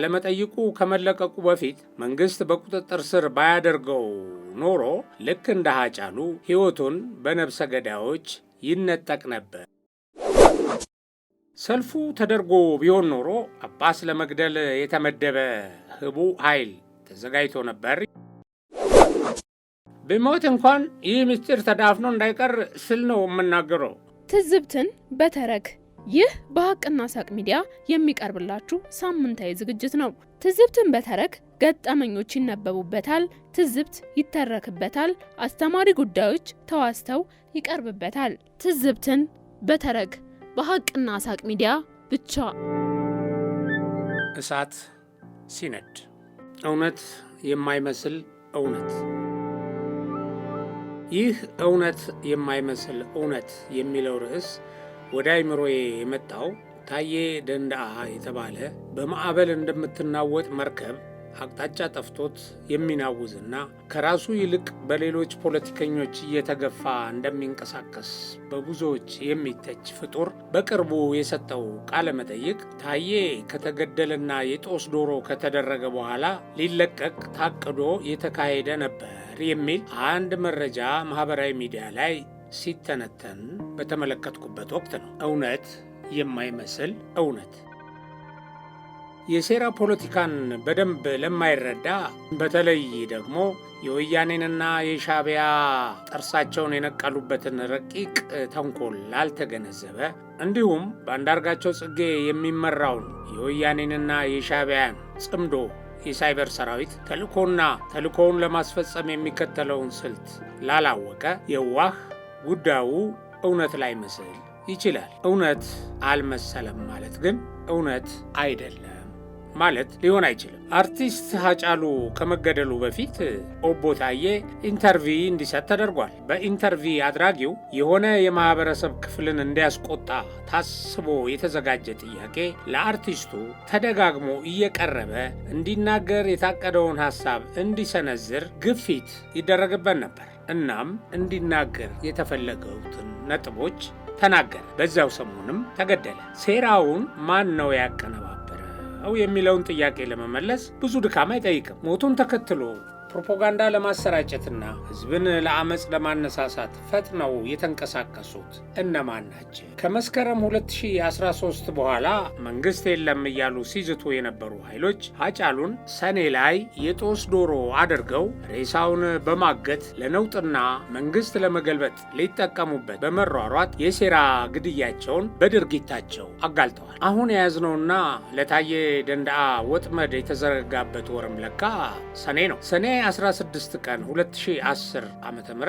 ቃለመጠይቁ ከመለቀቁ በፊት መንግስት በቁጥጥር ስር ባያደርገው ኖሮ ልክ እንደ ሀጫሉ ሕይወቱን በነብሰ ገዳዮች ይነጠቅ ነበር። ሰልፉ ተደርጎ ቢሆን ኖሮ አባስ ለመግደል የተመደበ ህቡ ኃይል ተዘጋጅቶ ነበር። ብሞት እንኳን ይህ ምስጢር ተዳፍኖ እንዳይቀር ስል ነው የምናገረው። ትዝብትን በተረክ ይህ በሀቅና ሳቅ ሚዲያ የሚቀርብላችሁ ሳምንታዊ ዝግጅት ነው። ትዝብትን በተረክ ገጠመኞች ይነበቡበታል፣ ትዝብት ይተረክበታል፣ አስተማሪ ጉዳዮች ተዋስተው ይቀርብበታል። ትዝብትን በተረክ በሀቅና ሳቅ ሚዲያ ብቻ። እሳት ሲነድ እውነት የማይመስል እውነት ይህ እውነት የማይመስል እውነት የሚለው ርዕስ ወደ አይምሮዬ የመጣው ታዬ ደንዳአ የተባለ በማዕበል እንደምትናወጥ መርከብ አቅጣጫ ጠፍቶት የሚናውዝና ከራሱ ይልቅ በሌሎች ፖለቲከኞች እየተገፋ እንደሚንቀሳቀስ በብዙዎች የሚተች ፍጡር በቅርቡ የሰጠው ቃለ መጠይቅ ታዬ ከተገደለና የጦስ ዶሮ ከተደረገ በኋላ ሊለቀቅ ታቅዶ የተካሄደ ነበር የሚል አንድ መረጃ ማኅበራዊ ሚዲያ ላይ ሲተነተን በተመለከትኩበት ወቅት ነው። እውነት የማይመስል እውነት የሴራ ፖለቲካን በደንብ ለማይረዳ በተለይ ደግሞ የወያኔንና የሻቢያ ጥርሳቸውን የነቀሉበትን ረቂቅ ተንኮል ላልተገነዘበ እንዲሁም በአንዳርጋቸው ጽጌ የሚመራውን የወያኔንና የሻቢያን ጽምዶ የሳይበር ሰራዊት ተልእኮና ተልእኮውን ለማስፈጸም የሚከተለውን ስልት ላላወቀ የዋህ ጉዳዩ እውነት ላይ መስል ይችላል። እውነት አልመሰለም ማለት ግን እውነት አይደለም ማለት ሊሆን አይችልም። አርቲስት ሀጫሉ ከመገደሉ በፊት ኦቦታዬ ኢንተርቪ እንዲሰጥ ተደርጓል። በኢንተርቪ አድራጊው የሆነ የማህበረሰብ ክፍልን እንዲያስቆጣ ታስቦ የተዘጋጀ ጥያቄ ለአርቲስቱ ተደጋግሞ እየቀረበ እንዲናገር የታቀደውን ሀሳብ እንዲሰነዝር ግፊት ይደረግበት ነበር። እናም እንዲናገር የተፈለገውትን ነጥቦች ተናገረ። በዚያው ሰሞንም ተገደለ። ሴራውን ማን ነው ያቀነባበረው የሚለውን ጥያቄ ለመመለስ ብዙ ድካም አይጠይቅም። ሞቱን ተከትሎ ፕሮፓጋንዳ ለማሰራጨትና ሕዝብን ለአመፅ ለማነሳሳት ፈጥነው የተንቀሳቀሱት እነማን ናቸው? ከመስከረም 2013 በኋላ መንግስት የለም እያሉ ሲዝቱ የነበሩ ኃይሎች ሀጫሉን ሰኔ ላይ የጦስ ዶሮ አድርገው ሬሳውን በማገት ለነውጥና መንግሥት ለመገልበጥ ሊጠቀሙበት በመሯሯት የሴራ ግድያቸውን በድርጊታቸው አጋልጠዋል። አሁን የያዝነውና ለታየ ደንዳአ ወጥመድ የተዘረጋበት ወርም ለካ ሰኔ ነው። ሰኔ 16 ቀን 2010 ዓ ም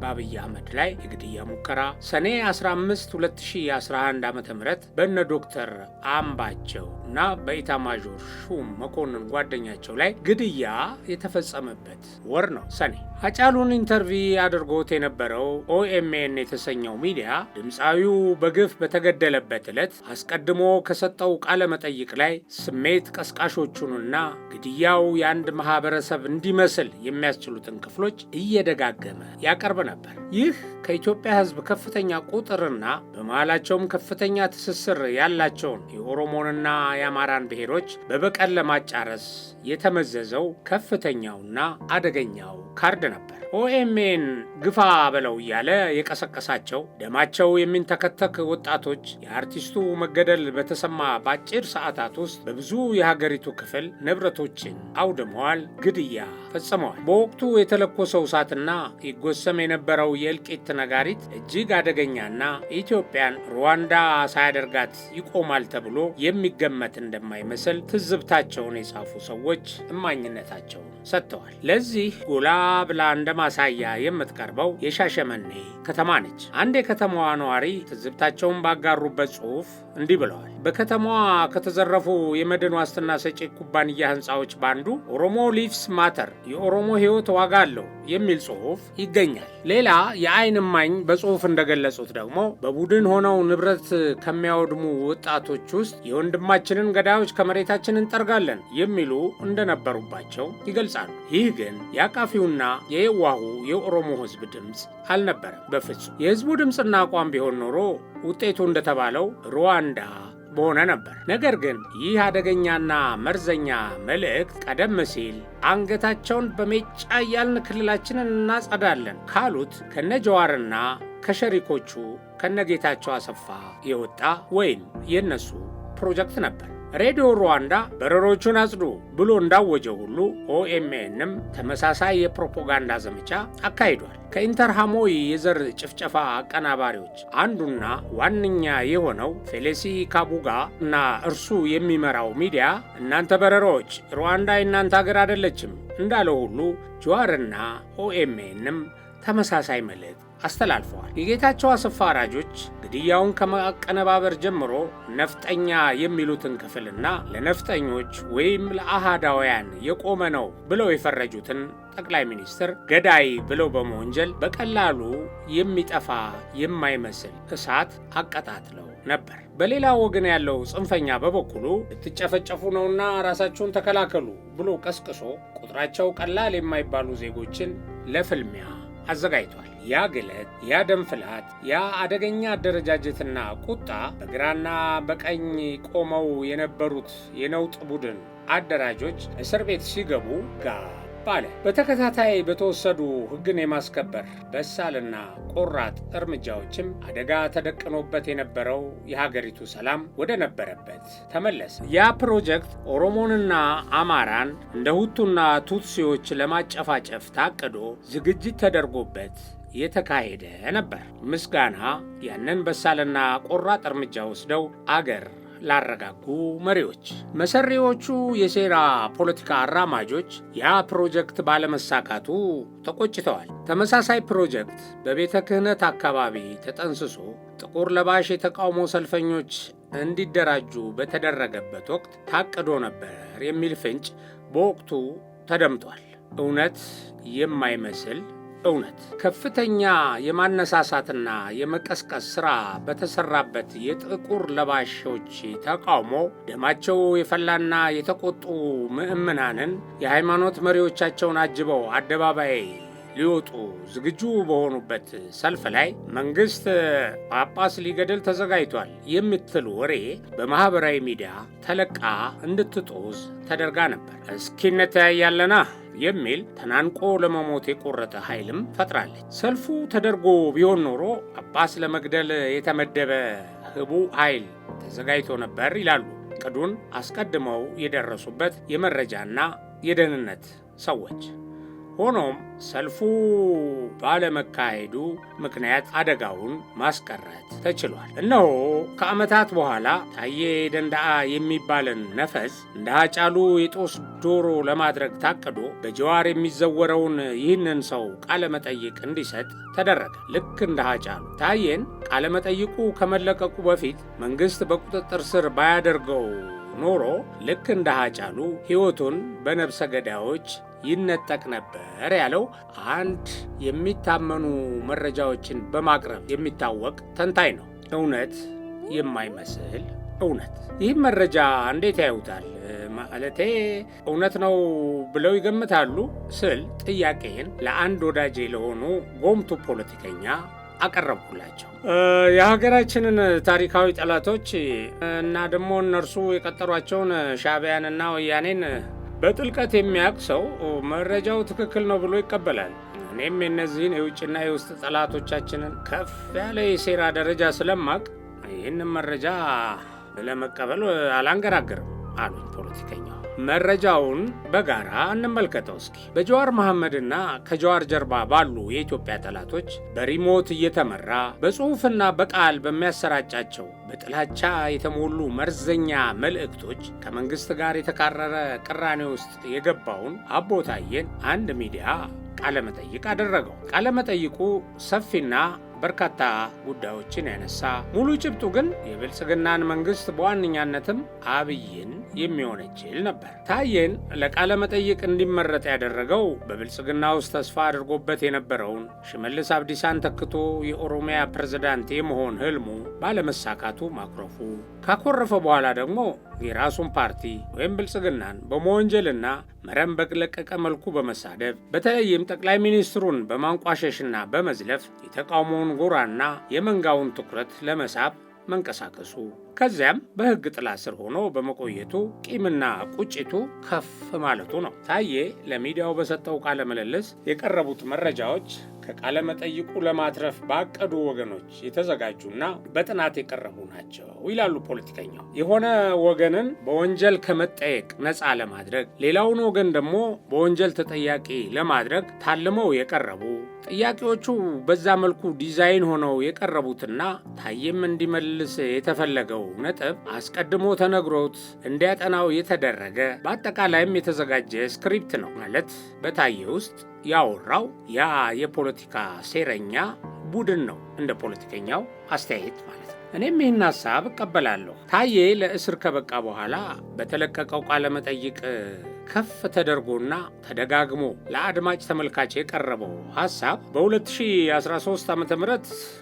በአብይ አህመድ ላይ የግድያ ሙከራ፣ ሰኔ 15 2011 ዓ ም በእነ ዶክተር አምባቸው እና በኢታማዦር ሹም መኮንን ጓደኛቸው ላይ ግድያ የተፈጸመበት ወር ነው ሰኔ። አጫሉን ኢንተርቪ አድርጎት የነበረው ኦኤምኤን የተሰኘው ሚዲያ ድምፃዊው በግፍ በተገደለበት ዕለት አስቀድሞ ከሰጠው ቃለ መጠይቅ ላይ ስሜት ቀስቃሾቹንና ግድያው የአንድ ማህበረሰብ እንዲመስል የሚያስችሉትን ክፍሎች እየደጋገመ ያቀርብ ነበር። ይህ ከኢትዮጵያ ሕዝብ ከፍተኛ ቁጥርና በመሃላቸውም ከፍተኛ ትስስር ያላቸውን የኦሮሞንና የአማራን ብሔሮች በበቀል ለማጫረስ የተመዘዘው ከፍተኛውና አደገኛው ካርድ ነበር። ኦኤምኤን ግፋ በለው እያለ የቀሰቀሳቸው ደማቸው የሚንተከተክ ወጣቶች የአርቲስቱ መገደል በተሰማ በአጭር ሰዓታት ውስጥ በብዙ የሀገሪቱ ክፍል ንብረቶችን አውድመዋል፣ ግድያ ፈጽመዋል። በወቅቱ የተለኮሰው እሳትና ይጎሰም የነበረው የእልቂት ነጋሪት እጅግ አደገኛና ኢትዮጵያን ሩዋንዳ ሳያደርጋት ይቆማል ተብሎ የሚገመት እውነት እንደማይመስል ትዝብታቸውን የጻፉ ሰዎች እማኝነታቸውን ሰጥተዋል። ለዚህ ጎላ ብላ እንደ ማሳያ የምትቀርበው የሻሸመኔ ከተማ ነች። አንድ የከተማዋ ነዋሪ ትዝብታቸውን ባጋሩበት ጽሑፍ እንዲህ ብለዋል። በከተማዋ ከተዘረፉ የመድን ዋስትና ሰጪ ኩባንያ ህንፃዎች ባንዱ ኦሮሞ ሊቭስ ማተር የኦሮሞ ህይወት ዋጋ አለው የሚል ጽሑፍ ይገኛል። ሌላ የአይን እማኝ በጽሑፍ እንደገለጹት ደግሞ በቡድን ሆነው ንብረት ከሚያወድሙ ወጣቶች ውስጥ የወንድማችንን ገዳዮች ከመሬታችን እንጠርጋለን የሚሉ እንደነበሩባቸው ይገልጻል። ይገልጻሉ። ይህ ግን የአቃፊውና የየዋሁ የኦሮሞ ህዝብ ድምፅ አልነበረም። በፍጹም የህዝቡ ድምፅና አቋም ቢሆን ኖሮ ውጤቱ እንደተባለው ሩዋንዳ በሆነ ነበር። ነገር ግን ይህ አደገኛና መርዘኛ መልእክት ቀደም ሲል አንገታቸውን በሜጫ እያልን ክልላችንን እናጸዳለን ካሉት ከነጀዋርና ከሸሪኮቹ ጌታቸው አሰፋ የወጣ ወይም የነሱ ፕሮጀክት ነበር። ሬዲዮ ሩዋንዳ በረሮቹን አጽዱ ብሎ እንዳወጀ ሁሉ ኦኤምኤንም ተመሳሳይ የፕሮፓጋንዳ ዘመቻ አካሂዷል። ከኢንተርሃሞይ የዘር ጭፍጨፋ አቀናባሪዎች አንዱና ዋነኛ የሆነው ፌሌሲ ካቡጋ እና እርሱ የሚመራው ሚዲያ እናንተ በረሮች ሩዋንዳ የእናንተ ሀገር አይደለችም እንዳለው ሁሉ ጅዋርና ኦኤምኤንም ተመሳሳይ መልእክት አስተላልፈዋል። የጌታቸው አስፋ ራጆች ግድያውን ከማቀነባበር ጀምሮ ነፍጠኛ የሚሉትን ክፍልና ለነፍጠኞች ወይም ለአሃዳውያን የቆመ ነው ብለው የፈረጁትን ጠቅላይ ሚኒስትር ገዳይ ብለው በመወንጀል በቀላሉ የሚጠፋ የማይመስል እሳት አቀጣጥለው ነበር። በሌላ ወገን ያለው ጽንፈኛ በበኩሉ ልትጨፈጨፉ ነውና ራሳችሁን ተከላከሉ ብሎ ቀስቅሶ ቁጥራቸው ቀላል የማይባሉ ዜጎችን ለፍልሚያ አዘጋጅቷል። ያ ግለት፣ ያ ደም ፍላት፣ ያ አደገኛ አደረጃጀትና ቁጣ በግራና በቀኝ ቆመው የነበሩት የነውጥ ቡድን አደራጆች እስር ቤት ሲገቡ ጋር አለ። በተከታታይ በተወሰዱ ህግን የማስከበር በሳልና ቆራጥ እርምጃዎችም አደጋ ተደቅኖበት የነበረው የሀገሪቱ ሰላም ወደ ነበረበት ተመለሰ። ያ ፕሮጀክት ኦሮሞንና አማራን እንደ ሁቱና ቱትሲዎች ለማጨፋጨፍ ታቅዶ ዝግጅት ተደርጎበት የተካሄደ ነበር። ምስጋና ያንን በሳልና ቆራጥ እርምጃ ወስደው አገር ላረጋጉ መሪዎች። መሰሪዎቹ የሴራ ፖለቲካ አራማጆች ያ ፕሮጀክት ባለመሳካቱ ተቆጭተዋል። ተመሳሳይ ፕሮጀክት በቤተ ክህነት አካባቢ ተጠንስሶ ጥቁር ለባሽ የተቃውሞ ሰልፈኞች እንዲደራጁ በተደረገበት ወቅት ታቅዶ ነበር የሚል ፍንጭ በወቅቱ ተደምጧል። እውነት የማይመስል እውነት ከፍተኛ የማነሳሳትና የመቀስቀስ ሥራ በተሠራበት የጥቁር ለባሾች ተቃውሞ ደማቸው የፈላና የተቆጡ ምዕምናንን የሃይማኖት መሪዎቻቸውን አጅበው አደባባይ ሊወጡ ዝግጁ በሆኑበት ሰልፍ ላይ መንግስት ጳጳስ ሊገድል ተዘጋጅቷል የምትል ወሬ በማኅበራዊ ሚዲያ ተለቃ እንድትጦዝ ተደርጋ ነበር። እስኪነት ያያለና የሚል ተናንቆ ለመሞት የቆረጠ ኃይልም ፈጥራለች። ሰልፉ ተደርጎ ቢሆን ኖሮ አባስ ለመግደል የተመደበ ህቡ ኃይል ተዘጋጅቶ ነበር ይላሉ ቅዱን አስቀድመው የደረሱበት የመረጃና የደህንነት ሰዎች። ሆኖም ሰልፉ ባለመካሄዱ ምክንያት አደጋውን ማስቀረት ተችሏል። እነሆ ከዓመታት በኋላ ታዬ ደንዳአ የሚባልን ነፈስ እንደ ሃጫሉ የጦስ ዶሮ ለማድረግ ታቅዶ በጀዋር የሚዘወረውን ይህንን ሰው ቃለመጠይቅ እንዲሰጥ ተደረገ። ልክ እንደ ሃጫሉ ታዬን ቃለመጠይቁ ከመለቀቁ በፊት መንግሥት በቁጥጥር ስር ባያደርገው ኖሮ ልክ እንደ ሃጫሉ ሕይወቱን በነብሰ ገዳዮች ይነጠቅ ነበር ያለው አንድ የሚታመኑ መረጃዎችን በማቅረብ የሚታወቅ ተንታኝ ነው። እውነት የማይመስል እውነት። ይህም መረጃ እንዴት ያዩታል? ማለቴ እውነት ነው ብለው ይገምታሉ ስል ጥያቄን ለአንድ ወዳጄ ለሆኑ ጎምቱ ፖለቲከኛ አቀረብኩላቸው። የሀገራችንን ታሪካዊ ጠላቶች እና ደግሞ እነርሱ የቀጠሯቸውን ሻዕቢያንና ወያኔን በጥልቀት የሚያውቅ ሰው መረጃው ትክክል ነው ብሎ ይቀበላል። እኔም የነዚህን የውጭና የውስጥ ጠላቶቻችንን ከፍ ያለ የሴራ ደረጃ ስለማቅ ይህንን መረጃ ለመቀበል አላንገራገርም አሉኝ ፖለቲከኛ መረጃውን በጋራ እንመልከተው እስኪ። በጀዋር መሐመድና ከጀዋር ጀርባ ባሉ የኢትዮጵያ ጠላቶች በሪሞት እየተመራ በጽሑፍና በቃል በሚያሰራጫቸው በጥላቻ የተሞሉ መርዘኛ መልእክቶች ከመንግሥት ጋር የተካረረ ቅራኔ ውስጥ የገባውን አቦታየን አንድ ሚዲያ ቃለመጠይቅ አደረገው። ቃለመጠይቁ ሰፊና በርካታ ጉዳዮችን ያነሳ ሙሉ ጭብጡ ግን የብልጽግናን መንግስት በዋነኛነትም አብይን የሚሆነችል ነበር። ታዬን ለቃለ መጠይቅ እንዲመረጥ ያደረገው በብልጽግና ውስጥ ተስፋ አድርጎበት የነበረውን ሽመልስ አብዲሳን ተክቶ የኦሮሚያ ፕሬዝዳንት የመሆን ህልሙ ባለመሳካቱ ማኩረፉ ካኮረፈ በኋላ ደግሞ የራሱን ፓርቲ ወይም ብልጽግናን በመወንጀልና መረም በቅለቀቀ መልኩ በመሳደብ በተለይም ጠቅላይ ሚኒስትሩን በማንቋሸሽና በመዝለፍ የተቃውሞውን ጎራና የመንጋውን ትኩረት ለመሳብ መንቀሳቀሱ ከዚያም በሕግ ጥላ ስር ሆኖ በመቆየቱ ቂምና ቁጭቱ ከፍ ማለቱ ነው። ታዬ ለሚዲያው በሰጠው ቃለ ምልልስ የቀረቡት መረጃዎች ከቃለ መጠይቁ ለማትረፍ ባቀዱ ወገኖች የተዘጋጁና በጥናት የቀረቡ ናቸው ይላሉ ፖለቲከኛው። የሆነ ወገንን በወንጀል ከመጠየቅ ነፃ ለማድረግ ሌላውን ወገን ደግሞ በወንጀል ተጠያቂ ለማድረግ ታልመው የቀረቡ ጥያቄዎቹ በዛ መልኩ ዲዛይን ሆነው የቀረቡትና ታዬም እንዲመልስ የተፈለገው ነጥብ አስቀድሞ ተነግሮት እንዲያጠናው የተደረገ በአጠቃላይም የተዘጋጀ ስክሪፕት ነው ማለት በታየ ውስጥ ያወራው ያ የፖለቲካ ሴረኛ ቡድን ነው፣ እንደ ፖለቲከኛው አስተያየት ማለት ነው። እኔም ይህን ሀሳብ እቀበላለሁ። ታዬ ለእስር ከበቃ በኋላ በተለቀቀው ቃለመጠይቅ ከፍ ተደርጎና ተደጋግሞ ለአድማጭ ተመልካች የቀረበው ሀሳብ በ2013 ዓ ም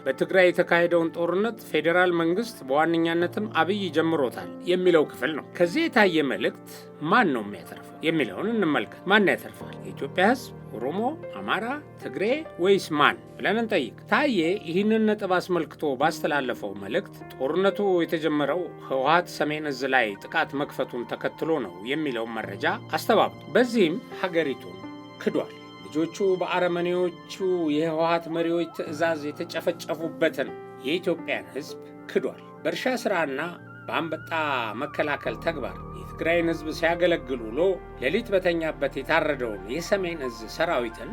በትግራይ የተካሄደውን ጦርነት ፌዴራል መንግስት በዋነኛነትም አብይ ጀምሮታል የሚለው ክፍል ነው። ከዚህ የታየ መልእክት ማን ነው የሚያተርፈው የሚለውን እንመልከት። ማን ያተርፋል? የኢትዮጵያ ህዝብ ኦሮሞ፣ አማራ፣ ትግሬ ወይስ ማን ብለን እንጠይቅ ታዬ ይህንን ነጥብ አስመልክቶ ባስተላለፈው መልእክት ጦርነቱ የተጀመረው ህወሀት ሰሜን እዝ ላይ ጥቃት መክፈቱን ተከትሎ ነው የሚለውን መረጃ አስተባብሏል። በዚህም ሀገሪቱን ክዷል። ልጆቹ በአረመኔዎቹ የህወሀት መሪዎች ትዕዛዝ የተጨፈጨፉበትን የኢትዮጵያን ህዝብ ክዷል። በእርሻ ሥራና በአንበጣ መከላከል ተግባር የትግራይን ህዝብ ሲያገለግል ውሎ ሌሊት በተኛበት የታረደውን የሰሜን እዝ ሰራዊትን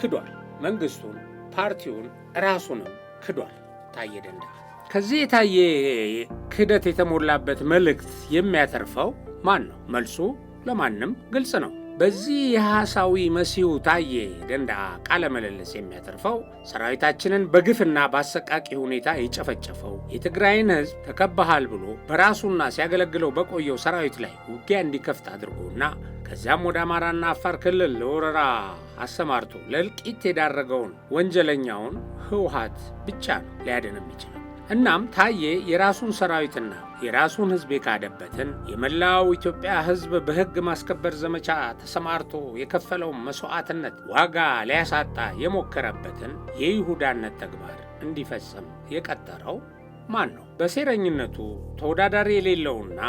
ክዷል። መንግስቱን፣ ፓርቲውን፣ ራሱንም ክዷል። ታየ ከዚህ የታየ ክህደት የተሞላበት መልእክት የሚያተርፈው ማን ነው? መልሱ ለማንም ግልጽ ነው። በዚህ የሐሳዊ መሲሁ ታዬ ደንዳ ቃለ ምልልስ የሚያተርፈው ሰራዊታችንን በግፍና በአሰቃቂ ሁኔታ የጨፈጨፈው የትግራይን ሕዝብ ተከባሃል ብሎ በራሱና ሲያገለግለው በቆየው ሰራዊት ላይ ውጊያ እንዲከፍት አድርጎና ከዚያም ወደ አማራና አፋር ክልል ለወረራ አሰማርቶ ለእልቂት የዳረገውን ወንጀለኛውን ህወሓት ብቻ ነው ሊያድን የሚችለው። እናም ታዬ የራሱን ሰራዊትና የራሱን ሕዝብ የካደበትን የመላው ኢትዮጵያ ሕዝብ በሕግ ማስከበር ዘመቻ ተሰማርቶ የከፈለውን መሥዋዕትነት ዋጋ ሊያሳጣ የሞከረበትን የይሁዳነት ተግባር እንዲፈጽም የቀጠረው ማን ነው? በሴረኝነቱ ተወዳዳሪ የሌለውና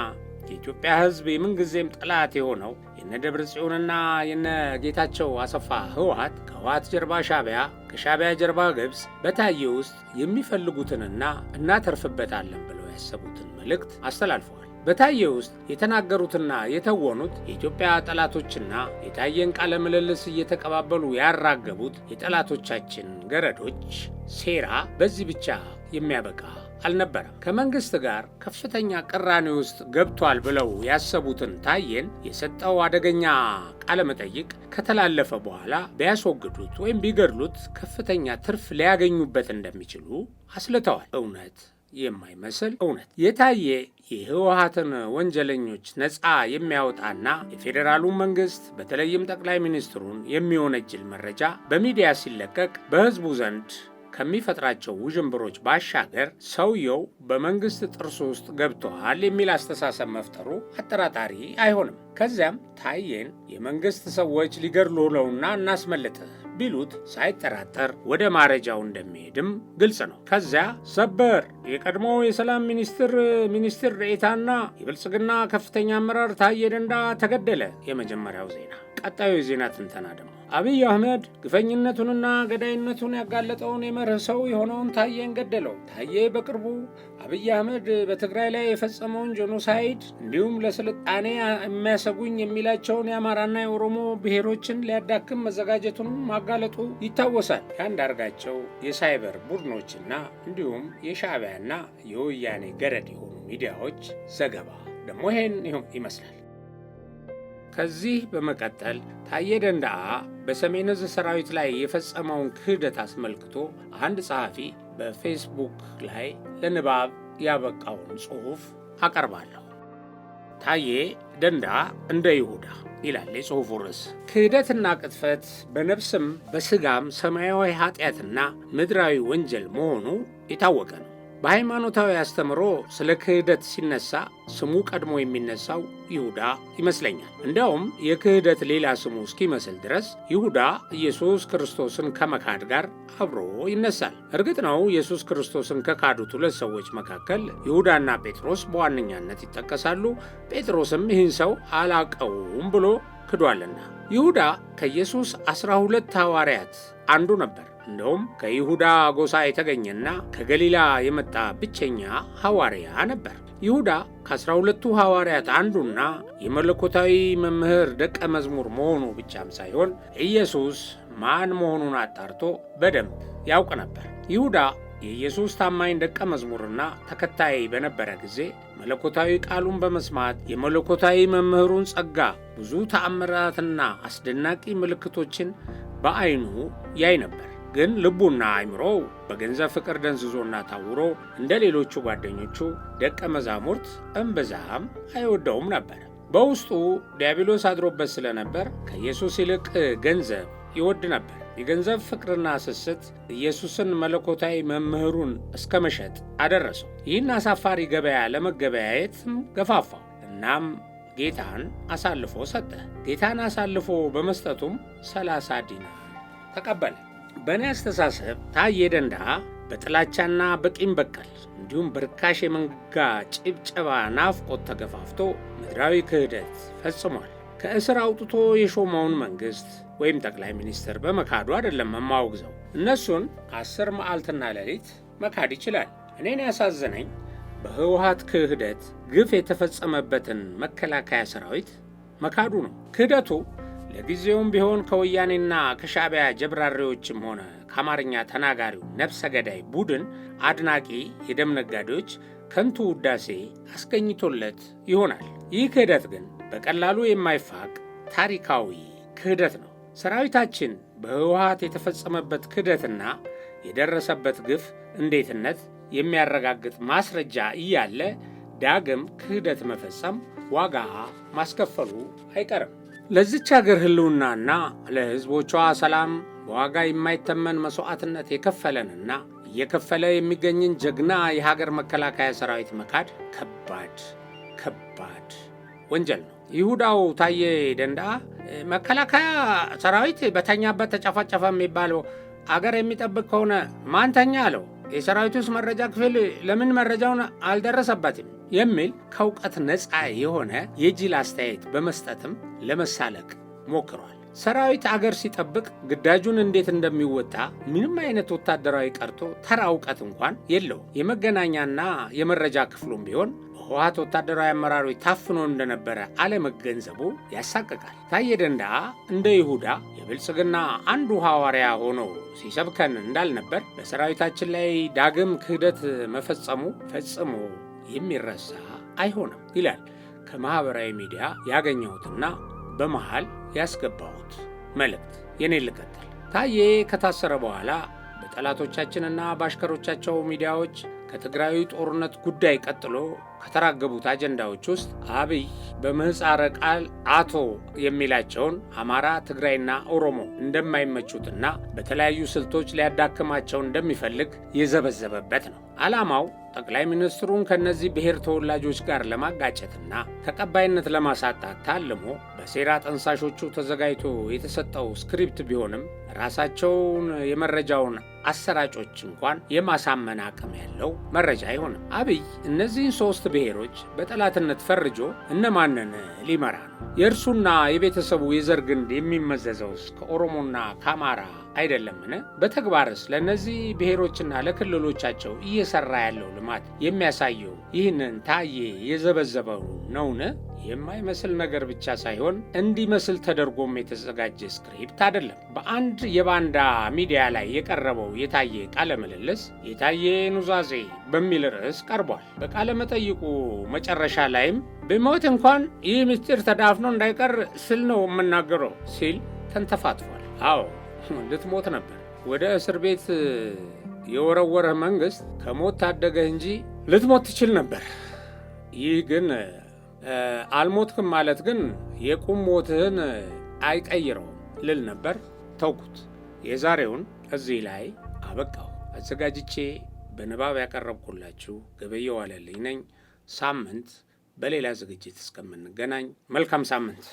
የኢትዮጵያ ሕዝብ የምንጊዜም ጠላት የሆነው የነ ደብረ ጽዮንና የነ ጌታቸው አሰፋ ህወሓት ከህወሓት ጀርባ ሻቢያ፣ ከሻቢያ ጀርባ ግብፅ በታየ ውስጥ የሚፈልጉትንና እናተርፍበታለን ብለው ያሰቡትን መልእክት አስተላልፈዋል። በታየ ውስጥ የተናገሩትና የተወኑት የኢትዮጵያ ጠላቶችና የታየን ቃለ ምልልስ እየተቀባበሉ ያራገቡት የጠላቶቻችን ገረዶች ሴራ በዚህ ብቻ የሚያበቃ አልነበረም። ከመንግስት ጋር ከፍተኛ ቅራኔ ውስጥ ገብቷል ብለው ያሰቡትን ታየን የሰጠው አደገኛ ቃለመጠይቅ ከተላለፈ በኋላ ቢያስወግዱት ወይም ቢገድሉት ከፍተኛ ትርፍ ሊያገኙበት እንደሚችሉ አስልተዋል። እውነት የማይመስል እውነት የታየ የህወሀትን ወንጀለኞች ነፃ የሚያወጣና የፌዴራሉ መንግስት በተለይም ጠቅላይ ሚኒስትሩን የሚወነጅል መረጃ በሚዲያ ሲለቀቅ በህዝቡ ዘንድ ከሚፈጥራቸው ውዥንብሮች ባሻገር ሰውየው በመንግስት ጥርስ ውስጥ ገብተዋል የሚል አስተሳሰብ መፍጠሩ አጠራጣሪ አይሆንም። ከዚያም ታዬን የመንግስት ሰዎች ሊገድሉ ነውና እናስመልጥህ ቢሉት ሳይጠራጠር ወደ ማረጃው እንደሚሄድም ግልጽ ነው። ከዚያ ሰበር የቀድሞ የሰላም ሚኒስትር ሚኒስትር ዴኤታና የብልጽግና ከፍተኛ አመራር ታዬ ደንዳ ተገደለ የመጀመሪያው ዜና። ቀጣዩ የዜና ትንተና ደግሞ አብይ አህመድ ግፈኝነቱንና ገዳይነቱን ያጋለጠውን የመርህ ሰው የሆነውን ታዬን ገደለው። ታዬ በቅርቡ አብይ አህመድ በትግራይ ላይ የፈጸመውን ጄኖሳይድ እንዲሁም ለስልጣኔ የሚያሰጉኝ የሚላቸውን የአማራና የኦሮሞ ብሔሮችን ሊያዳክም መዘጋጀቱን ማጋለጡ ይታወሳል። የአንዳርጋቸው የሳይበር ቡድኖችና እንዲሁም የሻዕቢያና የወያኔ ገረድ የሆኑ ሚዲያዎች ዘገባ ደግሞ ይሄን ይመስላል። ከዚህ በመቀጠል ታዬ ደንደዓ በሰሜን ዕዝ ሰራዊት ላይ የፈጸመውን ክህደት አስመልክቶ አንድ ጸሐፊ በፌስቡክ ላይ ለንባብ ያበቃውን ጽሑፍ አቀርባለሁ። ታዬ ደንዳ እንደ ይሁዳ ይላል የጽሑፉ ርዕስ። ክህደትና ቅጥፈት በነፍስም በሥጋም ሰማያዊ ኃጢአትና ምድራዊ ወንጀል መሆኑ የታወቀ ነው። በሃይማኖታዊ አስተምሮ ስለ ክህደት ሲነሳ ስሙ ቀድሞ የሚነሳው ይሁዳ ይመስለኛል። እንዲያውም የክህደት ሌላ ስሙ እስኪመስል ድረስ ይሁዳ ኢየሱስ ክርስቶስን ከመካድ ጋር አብሮ ይነሳል። እርግጥ ነው ኢየሱስ ክርስቶስን ከካዱት ሁለት ሰዎች መካከል ይሁዳና ጴጥሮስ በዋነኛነት ይጠቀሳሉ። ጴጥሮስም ይህን ሰው አላቀውም ብሎ ክዷልና። ይሁዳ ከኢየሱስ ዐሥራ ሁለት ሐዋርያት አንዱ ነበር። እንደውም ከይሁዳ ጎሳ የተገኘና ከገሊላ የመጣ ብቸኛ ሐዋርያ ነበር። ይሁዳ ከአስራ ሁለቱ ሐዋርያት አንዱና የመለኮታዊ መምህር ደቀ መዝሙር መሆኑ ብቻም ሳይሆን ኢየሱስ ማን መሆኑን አጣርቶ በደንብ ያውቅ ነበር። ይሁዳ የኢየሱስ ታማኝ ደቀ መዝሙርና ተከታይ በነበረ ጊዜ መለኮታዊ ቃሉን በመስማት የመለኮታዊ መምህሩን ጸጋ፣ ብዙ ተአምራትና አስደናቂ ምልክቶችን በአይኑ ያይ ነበር። ግን ልቡና አይምሮው በገንዘብ ፍቅር ደንዝዞና ታውሮ እንደ ሌሎቹ ጓደኞቹ ደቀ መዛሙርት እምብዛም አይወደውም ነበር። በውስጡ ዲያብሎስ አድሮበት ስለነበር ከኢየሱስ ይልቅ ገንዘብ ይወድ ነበር። የገንዘብ ፍቅርና ስስት ኢየሱስን መለኮታዊ መምህሩን እስከ መሸጥ አደረሰው። ይህን አሳፋሪ ገበያ ለመገበያየትም ገፋፋው። እናም ጌታን አሳልፎ ሰጠ። ጌታን አሳልፎ በመስጠቱም ሰላሳ ዲናር ተቀበለ። በእኔ አስተሳሰብ ታዬ ደንደዓ በጥላቻና በቂም በቀል እንዲሁም በርካሽ የመንጋ ጭብጨባ ናፍቆት ተገፋፍቶ ምድራዊ ክህደት ፈጽሟል። ከእስር አውጥቶ የሾመውን መንግሥት ወይም ጠቅላይ ሚኒስትር በመካዱ አይደለም የማወግዘው። እነሱን አስር መዓልትና ሌሊት መካድ ይችላል። እኔን ያሳዘነኝ በህወሀት ክህደት ግፍ የተፈጸመበትን መከላከያ ሰራዊት መካዱ ነው። ክህደቱ ለጊዜውም ቢሆን ከወያኔና ከሻዕቢያ ጀብራሪዎችም ሆነ ከአማርኛ ተናጋሪው ነፍሰ ገዳይ ቡድን አድናቂ የደም ነጋዴዎች ከንቱ ውዳሴ አስገኝቶለት ይሆናል። ይህ ክህደት ግን በቀላሉ የማይፋቅ ታሪካዊ ክህደት ነው። ሰራዊታችን በህወሀት የተፈጸመበት ክህደትና የደረሰበት ግፍ እንዴትነት የሚያረጋግጥ ማስረጃ እያለ ዳግም ክህደት መፈጸም ዋጋ ማስከፈሉ አይቀርም። ለዚች አገር ሕልውናና ለሕዝቦቿ ሰላም በዋጋ የማይተመን መሥዋዕትነት የከፈለንና እየከፈለ የሚገኝን ጀግና የሀገር መከላከያ ሰራዊት መካድ ከባድ ከባድ ወንጀል ነው። ይሁዳው ታዬ ደንዳ መከላከያ ሰራዊት በተኛበት ተጨፈጨፈ የሚባለው አገር የሚጠብቅ ከሆነ ማንተኛ አለው? የሰራዊቱስ መረጃ ክፍል ለምን መረጃውን አልደረሰበትም? የሚል ከእውቀት ነፃ የሆነ የጅል አስተያየት በመስጠትም ለመሳለቅ ሞክሯል። ሰራዊት አገር ሲጠብቅ ግዳጁን እንዴት እንደሚወጣ ምንም አይነት ወታደራዊ ቀርቶ ተራ እውቀት እንኳን የለውም። የመገናኛና የመረጃ ክፍሉም ቢሆን ህወሓት ወታደራዊ አመራሮች ታፍኖ እንደነበረ አለመገንዘቡ ያሳቅቃል። ታዬ እንደ ይሁዳ የብልጽግና አንዱ ሐዋርያ ሆኖ ሲሰብከን እንዳልነበር በሰራዊታችን ላይ ዳግም ክህደት መፈጸሙ ፈጽሞ የሚረሳ አይሆንም ይላል ከማኅበራዊ ሚዲያ ያገኘሁትና በመሃል ያስገባሁት መልእክት። የኔ ልቀጥል። ታዬ ከታሰረ በኋላ በጠላቶቻችንና በአሽከሮቻቸው ሚዲያዎች ከትግራዩ ጦርነት ጉዳይ ቀጥሎ ከተራገቡት አጀንዳዎች ውስጥ አብይ በምህፃረ ቃል አቶ የሚላቸውን አማራ፣ ትግራይና ኦሮሞ እንደማይመቹትና በተለያዩ ስልቶች ሊያዳክማቸው እንደሚፈልግ የዘበዘበበት ነው። ዓላማው ጠቅላይ ሚኒስትሩን ከእነዚህ ብሔር ተወላጆች ጋር ለማጋጨትና ተቀባይነት ለማሳጣት ታልሞ በሴራ ጠንሳሾቹ ተዘጋጅቶ የተሰጠው ስክሪፕት ቢሆንም ራሳቸውን የመረጃውን አሰራጮች እንኳን የማሳመን አቅም ያለው መረጃ አይሆንም። አብይ እነዚህን ሶስት ብሔሮች በጠላትነት ፈርጆ እነማንን ሊመራ ነው? የእርሱና የቤተሰቡ የዘር ግንድ የሚመዘዘውስ ከኦሮሞና ከአማራ አይደለምን? በተግባርስ ለእነዚህ ብሔሮችና ለክልሎቻቸው እየሰራ ያለው ልማት የሚያሳየው ይህንን ታዬ የዘበዘበው ነውን? የማይመስል ነገር ብቻ ሳይሆን እንዲመስል ተደርጎም የተዘጋጀ ስክሪፕት አይደለም። በአንድ የባንዳ ሚዲያ ላይ የቀረበው የታየ ቃለ ምልልስ የታየ ኑዛዜ በሚል ርዕስ ቀርቧል። በቃለ መጠይቁ መጨረሻ ላይም ብሞት እንኳን ይህ ምስጢር ተዳፍኖ እንዳይቀር ስል ነው የምናገረው ሲል ተንተፋትፏል። አዎ ልትሞት ነበር። ወደ እስር ቤት የወረወረህ መንግሥት ከሞት ታደገህ እንጂ ልትሞት ትችል ነበር። ይህ ግን አልሞትክም ማለት ግን የቁም ሞትህን አይቀይረውም ልል ነበር። ተውኩት። የዛሬውን እዚህ ላይ አበቃው አዘጋጅቼ በንባብ ያቀረብኩላችሁ ገበየሁ ዋለልኝ ነኝ። ሳምንት በሌላ ዝግጅት እስከምንገናኝ መልካም ሳምንት